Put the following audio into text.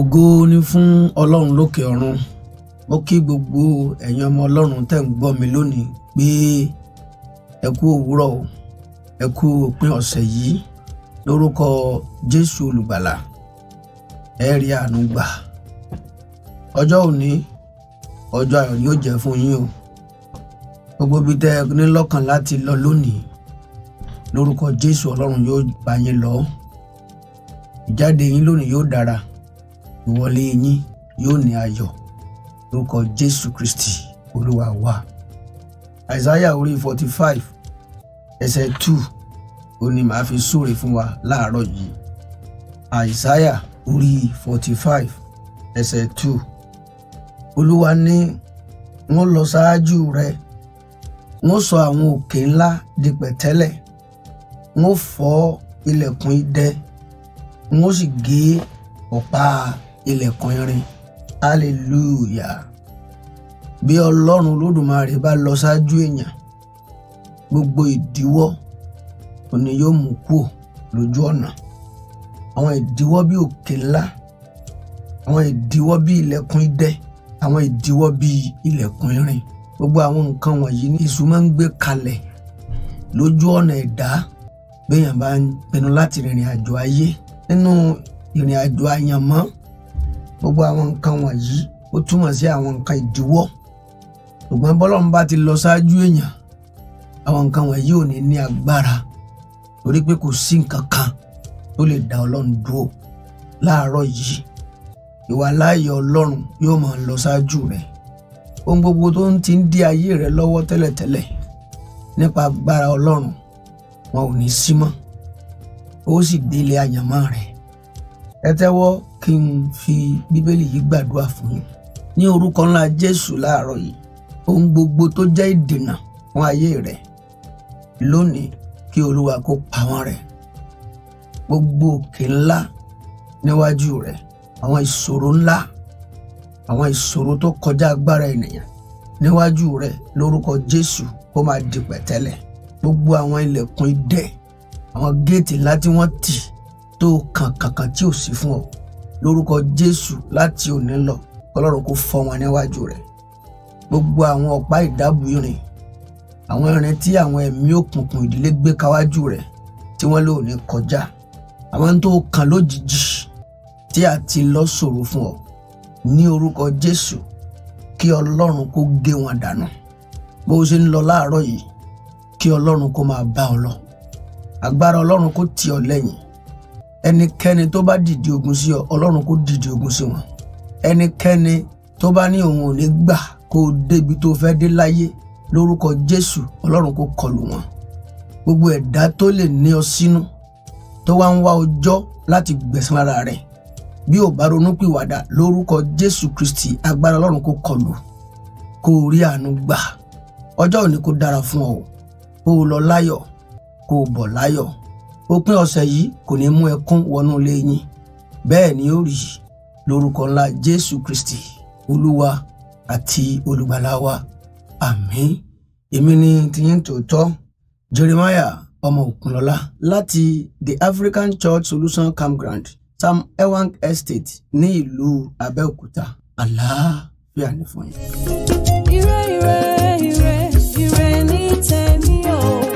ògo ni fún ọlọ́run lókè ọ̀run mo kí gbogbo ẹ̀yin ọmọ ọlọ́run tẹ̀ ń gbọ́ mi lónìí pé ẹ kú òwúrọ̀ o ẹ kú òpin ọ̀sẹ̀ yìí lórúkọ jésù olùgbàlà ẹ rí àánú gbà ọjọ́ òní ọjọ́ ayọ̀ ni ó jẹ́ fún yín o gbogbo ibi tẹ́ ẹ ní lọ́kàn láti lọ lónìí lórúkọ jésù ọlọ́run yóò bá yín lọ ìjáde yín lónìí yóò dára ìwọlé yín yóò ní ayọ̀ lórúkọ jésù kristi olúwa wa àìsáyà orí forty five ẹsẹ̀ two ó ní màá fi sóre fún wa láàárọ̀ yìí àìsáyà orí forty five ẹsẹ̀ two olúwa ní wọ́n lọ ṣáájú rẹ wọ́n sọ àwọn òkè ńlá di pẹ̀tẹ́lẹ̀ n ó fọ́ ilẹ̀kùn idẹ n ó sì gé ọ̀pá ilẹ̀kùn irin hallelujah bí ọlọ́run olódùmarè bá lọ ṣáájú èèyàn gbogbo ìdíwọ́ òní yóò mú kúò lójú ọ̀nà àwọn ìdíwọ́ bí òkè ńlá àwọn ìdíwọ́ bí ilẹ̀kùn idẹ àwọn ìdíwọ́ bí ilẹ̀kùn irin gbogbo àwọn nǹkan wọ̀nyí ni èṣù máa ń gbé kalẹ̀ lójú ọ̀nà ẹ̀dá béèyàn bá ń pinnu láti rìnrìn àjò ayé nínú ìrìn àjò àyànmọ́ gbogbo àwọn nǹkan wọ̀nyí ó túmọ̀ sí àwọn nǹkan ìdíwọ́ ṣùgbọ́n bọ́lọ́run bá ti lọ ṣáájú èèyàn àwọn nǹkan wọ̀nyí ò ní ní agbára torí pé kò sí nǹkan kan tó lè dá ọlọ́run dúró láàárọ̀ yìí ìwà láàyè ọlọ́run yóò máa lọ ṣáájú rẹ̀ ohun gbogbo tó ń ti ń dí ayé rẹ̀ lọ́wọ́ tẹ́lẹ̀tẹ́lẹ̀ nípa agbára ọlọ́run wọn ò ní sí mọ́ ó sì délé àyànmọ́ rẹ̀ ẹ tẹ́wọ́ kí n fi bíbélì yìí gbàdúrà fún yín ní orúkọ ńlá jésù láàárọ̀ yìí ohun gbogbo tó jẹ́ ìdènà fún ayé rẹ̀ lónìí kí olúwa kó pa wọ́n rẹ́ gbogbo òkè ńlá níwájú rẹ̀ àwọn ìṣòro ńlá àwọn ìṣòro tó kọjá agbára ènìyàn níwájú rẹ̀ lórúkọ jésù kó máa di pẹ̀tẹ́lẹ̀ gbogbo àwọn ilẹ̀kùn idẹ àwọn géètì ńlá tí wọ́n tì tó kàn kankan tí ò sí fún ọ lórúkọ jésù láti òní lọ kọlọ́run kò fọ́ wọn níwájú rẹ̀ gbogbo àwọn ọ̀pá ìdábù irin àwọn irin tí àwọn ẹ̀mí òkùnkùn ìdílé gbé káwájú rẹ̀ tí wọ́n lò ní kọjá àwọn tó kàn lójijì tí a ti lọ ṣòro fún ọ ní orúkọ jésù kí ọlọ́run kó gé wọn dànù bó o ṣe ń lọ láàárọ̀ yìí kí ọlọ́run kó máa bá ọ lọ agbára ọlọ́run kó tì ọ lẹ́yìn ẹnikẹ́ni tó bá dìde ogun sí ọ ọlọ́run kó dìde ogun sí wọn ẹnikẹ́ni tó bá ní òun ò ní gbà kó o débi tó fẹ́ dé láyé lórúkọ jésù ọlọ́run kó kọlù wọn gbogbo ẹ̀dá tó lè ní ọ sínú tó wá ń wá ọjọ́ láti gbẹ̀san lára rẹ̀ bí ò bá ronúpìwàdà lórúkọ jésù kristi agbára ọlọ́run kó kọlù kó o rí àánú gbà ọjọ́ òní kó dára fún ọ kó o lọ láyọ̀ kó o bọ̀ láyọ̀ òpin ọ̀sẹ̀ yìí kò ní mú ẹkún wọnú ilé yín bẹ́ẹ̀ ni ó rí lórúkọ ńlá Jésù Kristi Olúwa àti Olùgbàlà wa àmín èmi ni tiyín tòótọ́ Jeremiah ọmọ Òkunlọ́lá láti the African Church Solution Campground Sam Ewang Estate ní ìlú Abẹ́òkúta àlàáfíà ní fún yín. ire ire ire. take me home.